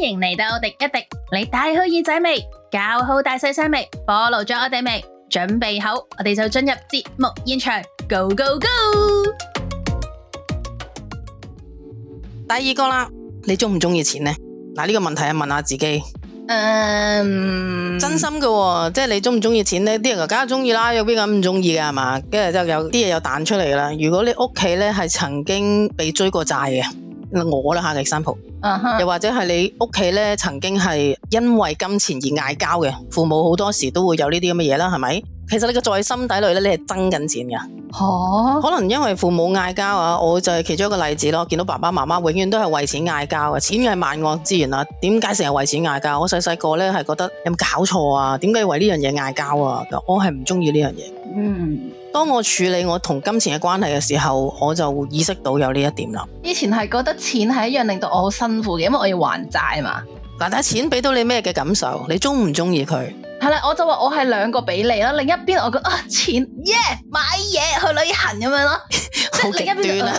歡迎嚟到廸一廸，你帶好耳仔未？搞好大細聲未？暴露咗我哋未？準備好，我哋就進入節目現場，Go Go Go！第二個啦，你中唔中意錢呢？嗱，呢個問題啊，問下自己。嗯、um，真心噶、哦，即係你中唔中意錢呢？啲人梗係中意啦，有邊個咁唔中意噶係嘛？跟住就有啲嘢有彈出嚟啦。如果你屋企咧係曾經被追過債嘅。我攞下嘅 example，又或者係你屋企咧，曾經係因為金錢而嗌交嘅，父母好多時都會有呢啲咁嘅嘢啦，係咪？其實你個在心底裏咧，你係爭緊錢嘅。Huh. 可能因為父母嗌交啊，我就係其中一個例子咯。見到爸爸媽媽永遠都係為錢嗌交啊，錢係萬惡之源啊。點解成日為錢嗌交？我細細個咧係覺得有冇搞錯啊？點解要為呢樣嘢嗌交啊？我係唔中意呢樣嘢。嗯、mm。Hmm. 當我處理我同金錢嘅關係嘅時候，我就意識到有呢一點啦。以前係覺得錢係一樣令到我好辛苦嘅，因為我要還債嘛。嗱，睇下錢俾到你咩嘅感受，你中唔中意佢？係啦，我就話我係兩個俾你啦。另一邊我覺得啊，錢耶，yeah, 買嘢、去旅行咁樣咯。好極 端啊！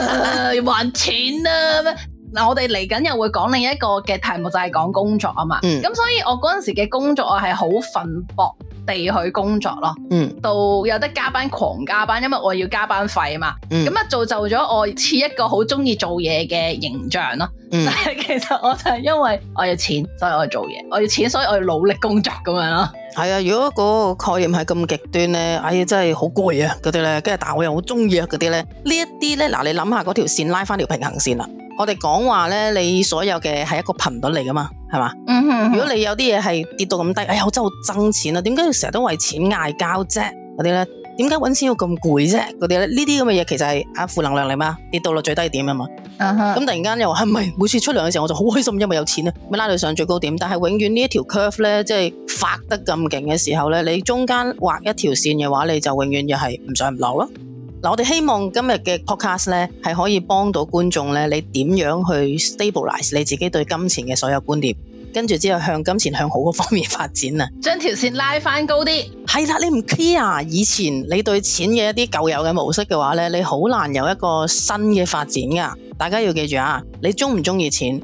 呃、還錢啊咩？嗱，我哋嚟緊又會講另一個嘅題目，就係、是、講工作啊嘛。咁、嗯、所以，我嗰陣時嘅工作啊，係好奮薄。未去工作咯，嗯，到有得加班狂加班，因為我要加班費啊嘛，咁啊造就咗我似一個好中意做嘢嘅形象咯。嗯、但係其實我就係因為我要錢，所以我要做嘢，我要錢，所以我要努力工作咁樣咯。係啊、嗯，嗯、 如果嗰個概念係咁極端咧，哎呀真係好攰啊嗰啲咧，跟住但係我又好中意啊嗰啲咧，呢一啲咧嗱，你諗下嗰條線拉翻條平衡線啦。我哋講話咧，你所有嘅係一個頻率嚟噶嘛，係嘛？嗯、哼哼，如果你有啲嘢係跌到咁低，哎呀，我真係好掙錢啊！點解要成日都為錢嗌交啫？嗰啲咧，點解揾錢要咁攰啫？嗰啲咧，呢啲咁嘅嘢其實係啊負能量嚟嘛，跌到落最低點啊嘛。咁、嗯、哼突然間又話係咪每次出糧嘅時候我就好開心，因為有錢呀，咪拉到上最高點。但係永遠呢一條 curve 咧，即係發得咁勁嘅時候咧，你中間畫一條線嘅話，你就永遠又係唔上唔流咯。嗱，我哋希望今日嘅 podcast 咧，係可以幫到觀眾咧，你點樣去 stabilize 你自己對金錢嘅所有觀念，跟住之後向金錢向好嗰方面發展啊！將條線拉翻高啲。係啦，你唔 clear 以前你對錢嘅一啲舊有嘅模式嘅話咧，你好難有一個新嘅發展噶大家要記住啊，你中唔中意錢？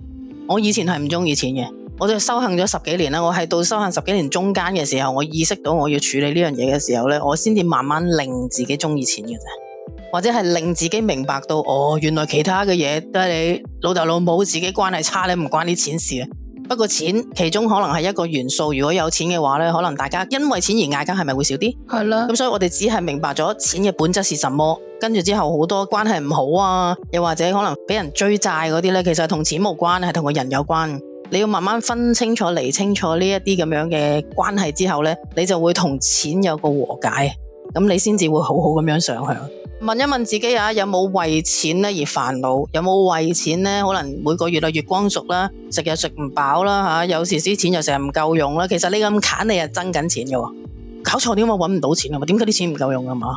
我以前係唔中意錢嘅，我就修行咗十幾年啦。我係到修行十幾年中間嘅時候，我意識到我要處理呢樣嘢嘅時候咧，我先至慢慢令自己中意錢嘅啫。或者係令自己明白到哦，原來其他嘅嘢，都係你老豆老母自己關係差，你唔關啲錢事啊。不過錢其中可能係一個元素，如果有錢嘅話咧，可能大家因為錢而嗌交，係咪會少啲？係啦的。咁所以我哋只係明白咗錢嘅本質是什麼，跟住之後好多關係唔好啊，又或者可能俾人追債嗰啲咧，其實同錢冇關，係同個人有關。你要慢慢分清楚、釐清楚呢一啲咁樣嘅關係之後咧，你就會同錢有個和解，咁你先至會好好咁樣想想。問一問自己吓、啊，有冇為錢咧而煩惱？有冇為錢咧，可能每個月啊月，月光族啦，食嘢，食唔飽啦吓、啊，有時啲錢又成日唔夠用啦。其實你咁砍，你係爭緊錢嘅喎、啊。搞錯，點解搵唔到錢啊嘛？點解啲錢唔夠用啊嘛？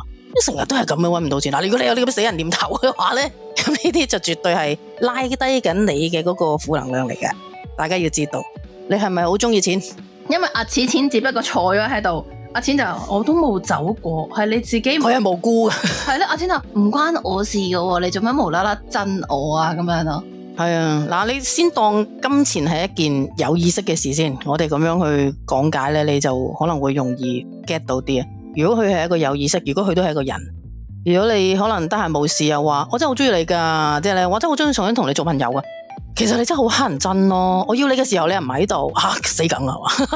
成日都係咁樣搵唔到錢。嗱，如果你有呢啲死人念頭嘅話咧，咁呢啲就絕對係拉低緊你嘅嗰個負能量嚟嘅。大家要知道，你係咪好中意錢？因為啊錢錢只不過坐咗喺度。阿錢就，我都冇走過，係你自己。佢係無辜嘅。係咧，阿錢就，唔關我事嘅，你做乜無啦啦憎我啊？咁樣咯。係啊，嗱，你先當金錢係一件有意識嘅事先，我哋咁樣去講解咧，你就可能會容易 get 到啲啊。如果佢係一個有意識，如果佢都係一個人，如果你可能得閒冇事嘅話，我真係好中意你噶，即係咧，我真係好中意重新同你做朋友噶。其實你真係好乞人憎咯，哦！我要你嘅時候你又唔喺度，吓、啊、死梗啦！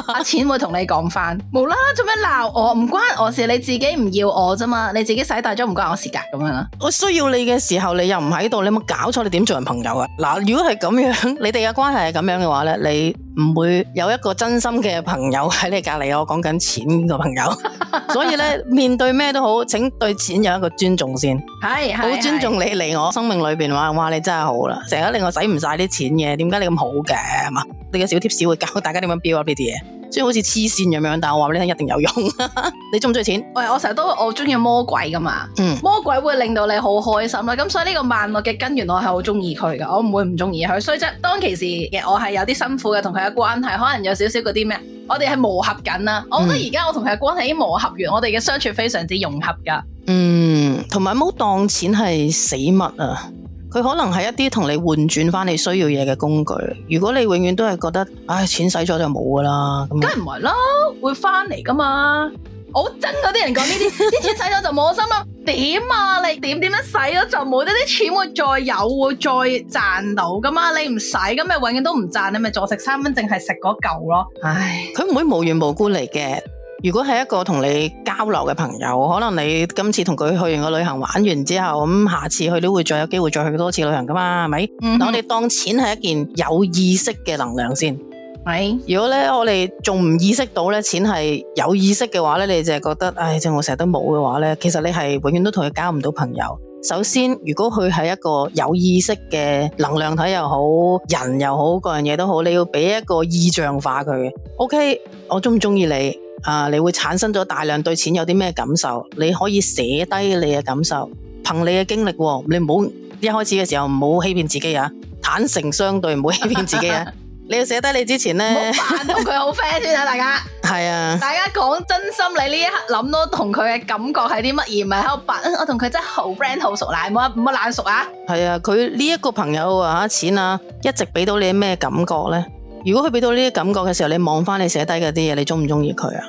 阿錢會同你講翻冇啦，做咩鬧我？唔關我事，你自己唔要我啫嘛，你自己使大咗唔關我事噶，咁樣啦。我需要你嘅時候你又唔喺度，你有冇搞錯？你點做人朋友啊？嗱，如果係咁樣，你哋嘅關係係咁樣嘅話咧，你唔會有一個真心嘅朋友喺你隔籬。我講緊錢個朋友， 所以咧，面對咩都好，請對錢有一個尊重先。係，好尊重你嚟我，我生命裏邊哇哇，你真係好啦，成日令我使唔晒啲。錢嘅，點解你咁好嘅，係嘛？你嘅小貼士會教大家點樣標啊呢啲嘢，雖然好似黐線咁樣，但係我話俾你聽一定有用。 你中唔中意錢？喂，我成日都我中意魔鬼噶嘛，嗯，魔鬼會令到你好開心啦。咁所以呢個萬惡嘅根源我，我係好中意佢噶，我唔會唔中意佢。所以就當其時嘅我係有啲辛苦嘅，同佢嘅關係可能有少少嗰啲咩，我哋係磨合緊啦。我覺得而家我同佢嘅關係已經磨合完，嗯、我哋嘅相處非常之融合噶。嗯，同埋唔好當錢係死物啊。佢可能係一啲同你換轉翻你需要嘢嘅工具。如果你永遠都係覺得，唉，錢使咗就冇噶啦，梗係唔係啦，會翻嚟噶嘛？我憎嗰啲人講呢啲，啲錢使咗就冇心啦。點啊，你點點樣使咗就冇咧？啲錢會再有，會再賺到噶嘛？你唔使，咁咪永遠都唔賺，你咪坐食三蚊，淨係食嗰嚿咯。唉，佢唔會無緣無故嚟嘅。如果係一個同你交流嘅朋友，可能你今次同佢去完個旅行玩完之後，咁下次佢都會再有機會再去多次旅行㗎嘛，係咪？嗯、哼我哋當錢係一件有意識嘅能量先。係是。如果咧我哋仲唔意識到咧錢係有意識嘅話咧，你就係覺得，唉，即係我成日都冇嘅話咧，其實你係永遠都同佢交唔到朋友。首先，如果佢係一個有意識嘅能量體又好，人又好，各樣嘢都好，你要俾一個意象化佢。OK，我中唔中意你？啊！你會產生咗大量對錢有啲咩感受？你可以寫低你嘅感受，憑你嘅經歷、啊，你唔好一開始嘅時候唔好欺騙自己啊！坦誠相對，唔好欺騙自己啊！ 你要寫低你之前咧，扮到佢好 friend 先啊！大家係啊，大家講真心，你呢一刻諗到同佢嘅感覺係啲乜嘢？唔係喺度扮我同佢真係好 friend 好熟，唔冇乜懶熟啊！係啊，佢呢一個朋友啊，錢啊，一直俾到你咩感覺咧？如果佢俾到呢啲感覺嘅時候，你望翻你寫低嗰啲嘢，你中唔中意佢啊？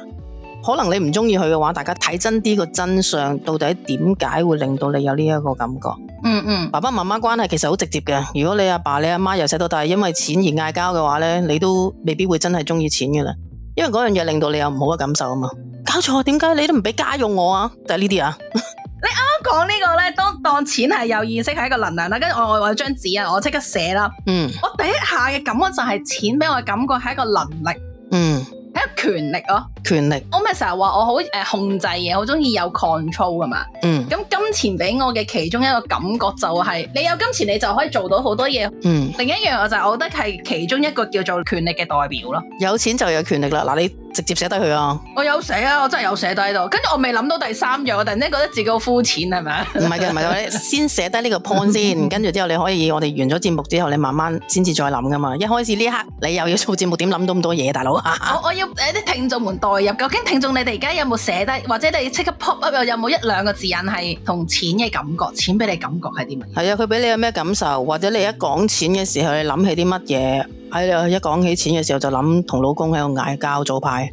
可能你唔中意佢嘅話，大家睇真啲個真相，到底點解會令到你有呢一個感覺？嗯嗯，爸爸媽媽關係其實好直接嘅。如果你阿爸你阿媽由細到大因為錢而嗌交嘅話呢，你都未必會真係中意錢嘅啦。因為嗰樣嘢令到你有唔好嘅感受啊嘛。搞錯，點解你都唔俾家用我啊？就係呢啲啊。 講呢個咧，當當錢係有意識，係一個能量啦。跟住我我有張紙啊，我即刻寫啦。嗯，我第一下嘅感覺就係錢俾我嘅感覺係一個能力，嗯，係一個權力咯，權力。我咪成日話我好誒控制嘢，好中意有 control 噶嘛。嗯。咁金錢俾我嘅其中一個感覺就係，你有金錢你就可以做到好多嘢。嗯。另一樣我就係我覺得係其中一個叫做權力嘅代表咯。有錢就有權力咯，嗱你。直接寫低佢啊！我有寫啊，我真係有寫低度。跟住我未諗到第三樣，我突然之間覺得自己好膚淺係咪？唔係嘅，唔係嘅， 我先寫低呢個 point 先。 跟住之後你可以，我哋完咗節目之後，你慢慢先至再諗㗎嘛。一開始呢刻你又要做節目，點諗到咁多嘢，啊，大佬啊！我要俾啲聽眾們代入，究竟聽眾你哋而家有冇寫低，或者你即刻 pop up 有冇一兩個字眼係同錢嘅感覺？錢俾你感覺係啲乜？係啊，佢俾你有咩感受？或者你一講錢嘅時候，你諗起啲乜嘢？哎、一講起錢嘅時候就諗同老公喺度嗌交，做派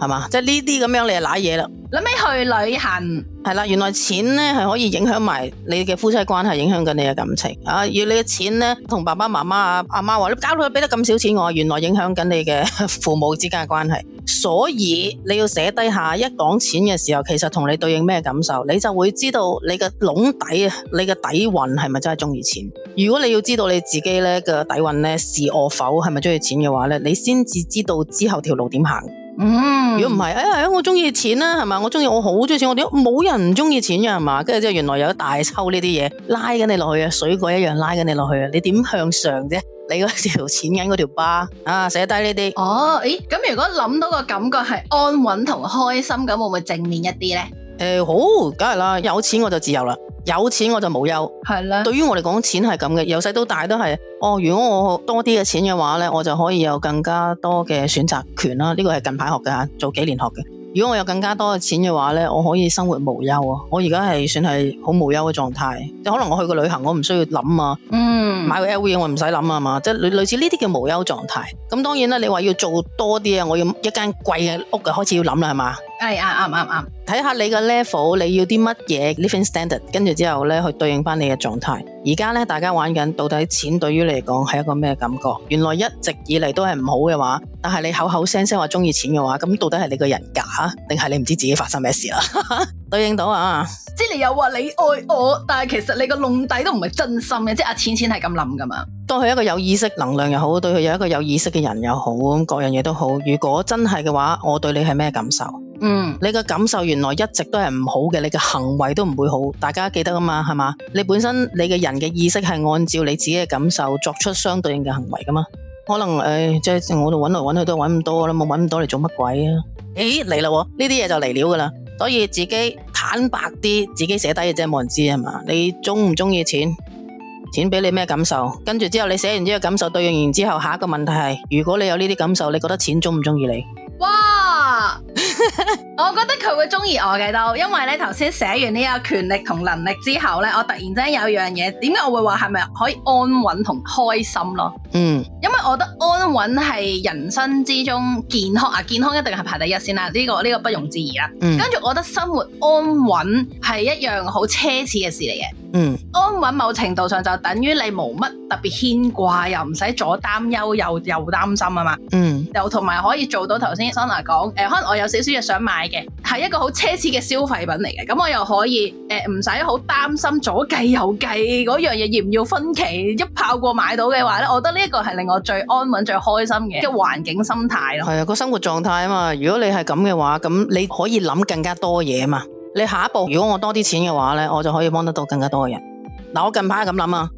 系嘛，即係呢啲咁樣你就瀨嘢啦。諗起去旅行係啦，原來錢咧係可以影響埋你嘅夫妻關係，影響緊你嘅感情。啊，要你嘅錢咧同爸爸媽媽啊，阿媽話你交咗俾得咁少錢我，原來影響緊你嘅父母之間嘅關係。所以你要寫低下一講錢嘅時候，其實同你對應咩感受，你就會知道你嘅籠底啊，你嘅底蘊係咪真係中意錢？如果你要知道你自己咧嘅底蘊咧是或否係咪中意錢嘅話咧，你先至知道之後條路點行。嗯、mm，如果唔係哎呀，我中意錢啦，係嘛？我中意，我好中意錢，我點？冇人唔中意錢嘅嘛？跟住之後原來有大抽呢啲嘢拉緊你落去啊，水鬼一樣拉緊你落去啊，你點向上啫？你嗰條錢銀嗰條疤啊，寫低呢啲哦，誒，咁如果諗到個感覺係安穩同開心，咁會唔會正面一啲呢？誒、欸，好，梗係啦，有錢我就自由啦，有錢我就無憂，係啦的。對於我嚟講，錢係咁嘅，由細到大都係，哦，如果我多啲嘅錢嘅話呢，我就可以有更加多嘅選擇權啦。呢個係近排學嘅吓，做幾年學嘅。如果我有更加多嘅錢嘅話呢，我可以生活無憂啊！我而家係算係好無憂嘅狀態，即係可能我去個旅行，我唔需要諗啊，嗯，買個 LV 我唔使諗啊嘛，即係類似呢啲叫無憂狀態。咁當然啦，你話要做多啲啊，我要一間貴嘅屋就開始要諗啦，係嘛？係啊，啱啱啱。睇下你個 level，你要啲乜嘢 living standard，跟住之後咧去對應返你嘅狀態。而家咧，大家玩緊到底錢對於你嚟講係一個咩感覺？原來一直以嚟都係唔好嘅話，但係你口口聲聲話鍾意錢嘅話，咁到底係你個人假？定係你唔知自己發生咩事啊？ 對應到啊，即係你又話你愛我，但係其實你個龍底都唔係真心嘅，即係阿錢錢係咁諗㗎嘛。當佢一個有意識能量又好，對佢有一個有意識嘅人又好，各樣嘢都好。如果真係嘅話，我對你係咩感受？嗯，你嘅感受原來一直都係唔好嘅，你嘅行為都唔會好。大家記得噶嘛，係嘛？你本身你嘅人嘅意識係按照你自己嘅感受作出相對應嘅行為噶嘛？可能誒，即、哎、係、就是、我度搵嚟搵去都搵唔多啦，我諗我搵唔到你做乜鬼啊？誒嚟啦，呢啲嘢就嚟了噶啦。所以自己坦白啲，自己寫低嘅啫，冇人知係嘛？你中唔中意錢？錢俾你咩感受？跟住之後你寫完呢個感受對應完之後，下一個問題係：如果你有呢啲感受，你覺得錢中唔中意你？哇 我覺得佢會中意我嘅都，因為咧頭先寫完呢個權力同能力之後咧，我突然間有一樣嘢，點解我會話係咪可以安穩同開心咯？嗯，因為我覺得安穩係人生之中健康啊，健康一定係排第一先啦，呢個呢個不容置疑啦。跟住、嗯、我覺得生活安穩係一樣好奢侈嘅事嚟嘅。嗯，安穩某程度上就等於你冇乜特別牽掛，又唔使左擔憂，又又擔心啊嘛。嗯。又同埋可以做到頭先 Sona 講，誒、呃、可能我有少少嘢想買嘅，係一個好奢侈嘅消費品嚟嘅。咁、嗯、我又可以誒唔使好擔心左計右計嗰樣嘢，要唔要分期一炮過買到嘅話咧，我覺得呢一個係令我最安穩、最開心嘅一環境心態咯。係啊，個生活狀態啊嘛。如果你係咁嘅話，咁你可以諗更加多嘢啊嘛。你下一步，如果我多啲錢嘅話咧，我就可以幫得到更加多嘅人。嗱，我近排咁諗啊，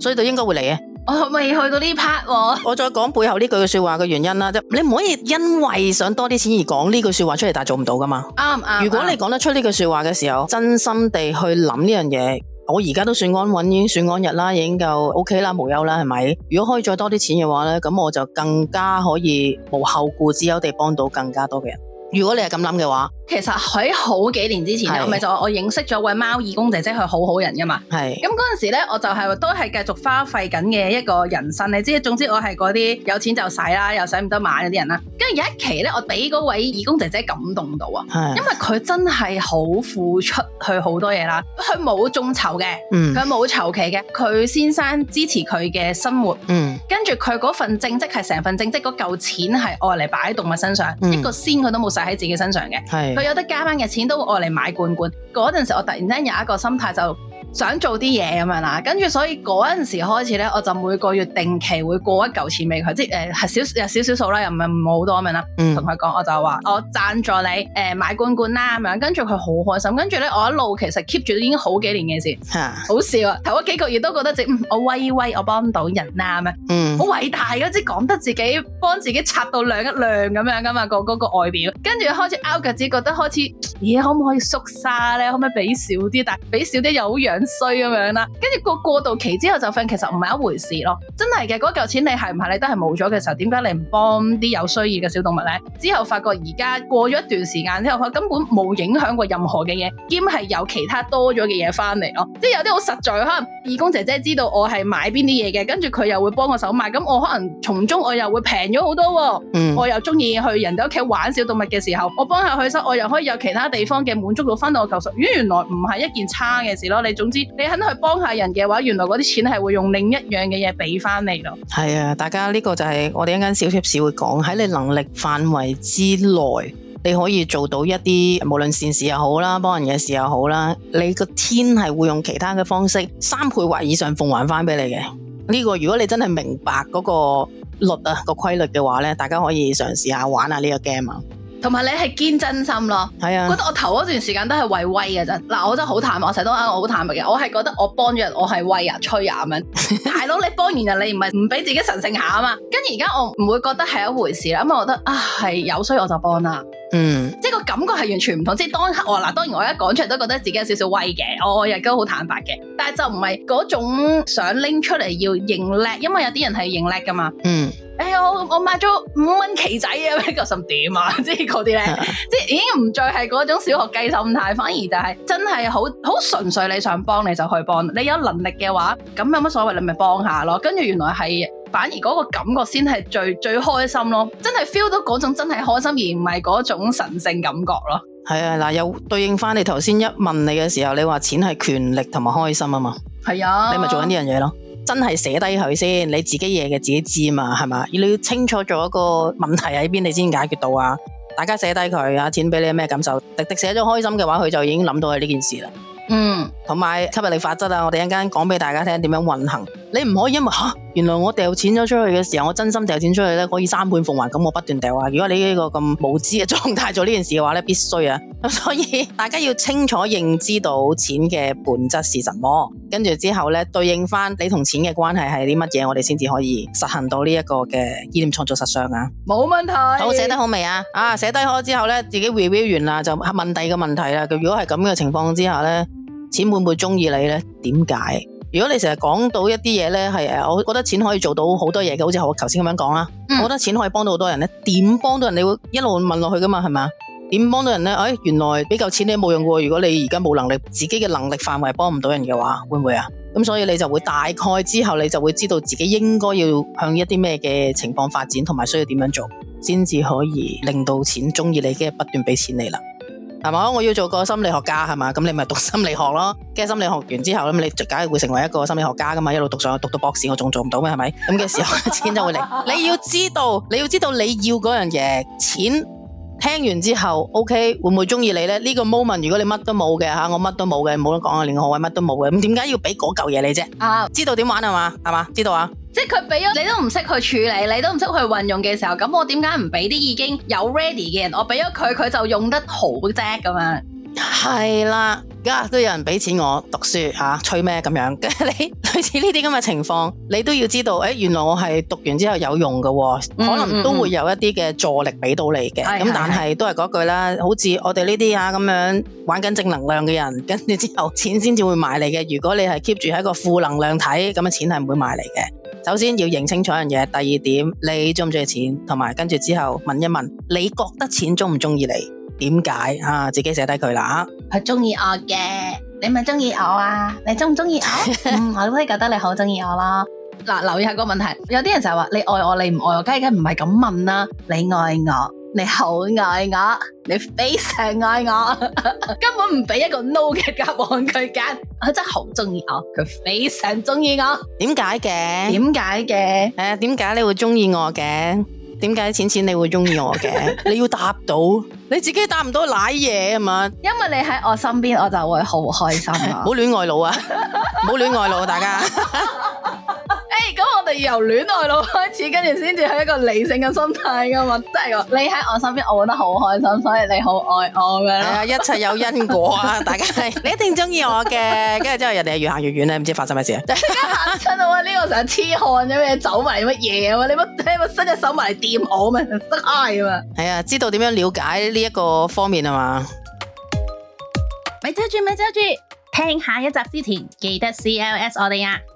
所以就應該會嚟嘅。我未去到呢 part，哦、 我再講背後呢句說話嘅原因啦，你唔可以因為想多啲錢而講呢句說話出嚟，但係做唔到噶嘛。啱唔啱？如果你講得出呢句說話嘅時候，真心地去諗呢樣嘢，我而家都算安穩，已經算安逸啦，已經夠 OK 啦，無憂啦，係咪？如果可以再多啲錢嘅話呢，咁我就更加可以無後顧之憂地幫到更加多嘅人。如果你係咁諗嘅話。其實喺好幾年之前，是我咪就我認識咗位貓義工姐姐，佢好好人噶嘛。係咁嗰陣時咧，我就係、是、都係繼續花費緊嘅一個人生。你知，總之我係嗰啲有錢就使啦，又使唔得買嗰啲人啦。跟住有一期咧，我俾嗰位義工姐姐感動到啊，因為佢真係好付出去好多嘢啦。佢冇眾籌嘅，佢冇籌、嗯、籌期嘅，佢先生支持佢嘅生活。嗯，跟住佢嗰份正職係成份正職嗰嚿錢係愛嚟擺喺動物身上，嗯、一個仙佢都冇使喺自己身上嘅。係。嗯佢有得加班嘅錢都會愛嚟買罐罐。嗰陣時，我突然間有一個心態就，想做啲嘢咁樣啦，跟住所以嗰陣時開始咧，我就每個月定期會過一嚿錢俾佢，即係誒係少少少數啦，又唔係冇好多咁樣啦。同佢講我就話我贊助你誒、呃、買罐罐啦咁樣，跟住佢好開心。跟住咧我一路其實 keep 住已經好幾年嘅事，啊、好笑啊！頭嗰幾個月都覺得整、嗯、我威威，我幫唔到人啦咁樣，好、嗯、偉大嗰啲講得自己幫自己擦到亮一亮咁樣噶嘛，嗰個嗰、嗰個外表。跟住開始拗腳趾，覺得開始，咦可唔可以縮沙咧？可唔可以俾少啲？但係俾少啲又好樣。衰咁樣啦，跟住個過渡期之後就發現其實唔係一回事咯，真係嘅嗰嚿錢你係唔係你都係冇咗嘅時候，點解你唔幫啲有需要嘅小動物呢？之後發覺而家過咗一段時間之後，佢根本冇影響過任何嘅嘢，兼係有其他多咗嘅嘢翻嚟咯，即係有啲好實在，可能義工姐姐知道我係買邊啲嘢嘅，跟住佢又會幫我手買，咁我可能從中我又會平咗好多，嗯，我又中意去人哋屋企玩小動物嘅時候，我幫下佢手，我又可以有其他地方嘅滿足度翻到我頭上來，原來唔係一件差嘅事咯，你總。你肯去幫下人嘅話，原來嗰啲錢係會用另一樣嘅嘢俾翻你咯。係啊，大家呢個就係、是、我哋一間小 t 士 p s 會講喺你能力範圍之內，你可以做到一啲無論善事又好啦，幫人嘅事又好啦，你個天係會用其他嘅方式三倍或以上奉還翻俾你嘅。呢、這個如果你真係明白嗰個啊、那個、規律啊個規律嘅話呢，大家可以嘗試下玩下呢個 game 啊。同埋你係堅真，真心咯，啊、覺得我頭嗰段時間都係為威嘅啫。嗱，我真係好坦白，我成日都話我好坦白嘅。我係覺得我幫咗人，我係威啊、吹啊咁樣。大佬，你幫完人，你唔係唔俾自己神聖下啊嘛。跟住而家我唔會覺得係一回事啦，因為我覺得啊係有衰我就幫啦。嗯，即係個感覺係完全唔同。即係當我嗱，當然我一講出嚟都覺得自己有少少威嘅，我日日都好坦白嘅，但係就唔係嗰種想拎出嚟要認叻，因為有啲人係認叻噶嘛。嗯。哎呀，我買咗五蚊棋仔啊！咩咁點啊？即係嗰啲咧，即 係已經唔再係嗰種小學雞心態，反而就係真係好好純粹，你想幫你就去幫，你有能力嘅話，咁有乜所謂你咪幫下咯。跟住原來係反而嗰個感覺先係最最開心咯，真係 feel 到嗰種真係開心而唔係嗰種神聖感覺咯。係啊，嗱，又對應翻你頭先一問你嘅時候，你話錢係權力同埋開心啊嘛，係啊，你咪做緊呢樣嘢咯。真係寫低佢先，你自己嘢嘅自己知嘛，係嘛？你要清楚咗一個問題喺邊，你先解決到啊！大家寫低佢啊，錢俾你有咩感受？迪迪寫咗開心嘅話，佢就已經諗到係呢件事啦。嗯，同埋吸引力法則啊，我哋一陣間講俾大家聽點樣運行。你唔可以因為吓，啊，原來我掉錢咗出去嘅時候，我真心掉錢出去咧，可以三倍奉還，咁我不斷掉啊。如果你呢個咁無知嘅狀態做呢件事嘅話咧，必須啊。所以大家要清楚認知到錢嘅本質是什麼，跟住之後咧，對應翻你同錢嘅關係係啲乜嘢，我哋先至可以實行到呢一個嘅意念創造實相啊。冇問題。好，寫得好未啊？啊，寫得好之後咧，自己 review 完啦，就問第二個問題啦。如果係咁嘅情況之下咧，錢會唔會中意你咧？點解？如果你成日講到一啲嘢咧，係誒，我覺得錢可以做到好多嘢嘅，好似我頭先咁樣講啦。嗯、我覺得錢可以幫到好多人咧，點幫到人？你會一路問落去噶嘛，係嘛？點幫到人咧？誒、哎，原來俾夠錢你冇用嘅喎。如果你而家冇能力，自己嘅能力範圍幫唔到人嘅話，會唔會啊？咁所以你就會大概之後你就會知道自己應該要向一啲咩嘅情況發展，同埋需要點樣做，先至可以令到錢中意你，跟住不斷俾錢你啦。係嘛？我要做個心理學家，係嘛？咁你咪讀心理學咯。跟住心理學完之後，咁你梗係會成為一個心理學家噶嘛？一路讀上去，讀到博士，我仲做唔到咩？係咪？咁嘅時候， 錢就會嚟。你要知道，你要知道你要嗰樣嘢。錢聽完之後，OK，會唔會中意你咧？呢個 moment，如果你乜都冇嘅吓，我乜都冇嘅，冇得講啊，連學位乜都冇嘅，咁點解要俾嗰嚿嘢你啫？Uh huh. 知道點玩係嘛？係嘛？知道啊？即係佢畀咗你都唔識去處理，你都唔識去運用嘅時候，咁我點解唔畀啲已經有 ready 嘅人？我畀咗佢，佢就用得好啫咁樣。係啦，而家都有人俾錢我讀書吓，吹咩咁樣？跟住你類似呢啲咁嘅情況，你都要知道，誒、哎，原來我係讀完之後有用噶，可能都會有一啲嘅助力俾到你嘅。咁、嗯嗯嗯、但係都係嗰句啦，好似我哋呢啲啊咁樣玩緊正，正能量嘅人，跟住之後錢先至會埋嚟嘅。如果你係 keep 住喺個負能量體，咁嘅錢係唔會埋嚟嘅。首先要認清，清楚一樣嘢，第二點你中唔中意錢，同埋跟住之後問一問，你覺得錢中唔中意你？點解啊？自己寫低佢啦。佢中意我嘅，你咪中意我啊？你中唔中意我、 嗯？我都係覺得你好中意我咯。嗱，留意下個問題，有啲人就係話你愛我，你唔愛我，梗係梗唔係咁問啦。你愛我，你好愛我，你非常愛我， 根本唔畀一個 no 嘅答案佢揀。佢真係好中意我，佢非常中意我。點解嘅？點解嘅？誒，點解、啊、你會中意我嘅？點解淺淺你會中意我嘅？ 你要答到。你自己答唔到乜嘢，因為你喺我身邊，我就會好開心啊！唔好 戀愛腦啊！唔好 戀愛腦啊！ 大家。 我哋要由戀愛腦開始，跟住先至係一個理性嘅心態噶嘛，即、就、係、是、你喺我身邊，我覺得好開心，所以你好愛我噶啦。係啊，一切有因果啊，大家係你一定中意我嘅，跟住之後人哋越行越遠咧，唔知發生咩事啊！吓親我呢、這個成日痴漢有你走埋乜嘢啊？你乜你咪伸隻手埋嚟掂我咩？失嗨啊嘛！係 啊，知道點樣了解呢一個方面啊嘛？咪遮住咪遮住，聽下一集之前記得 C L S 我哋啊！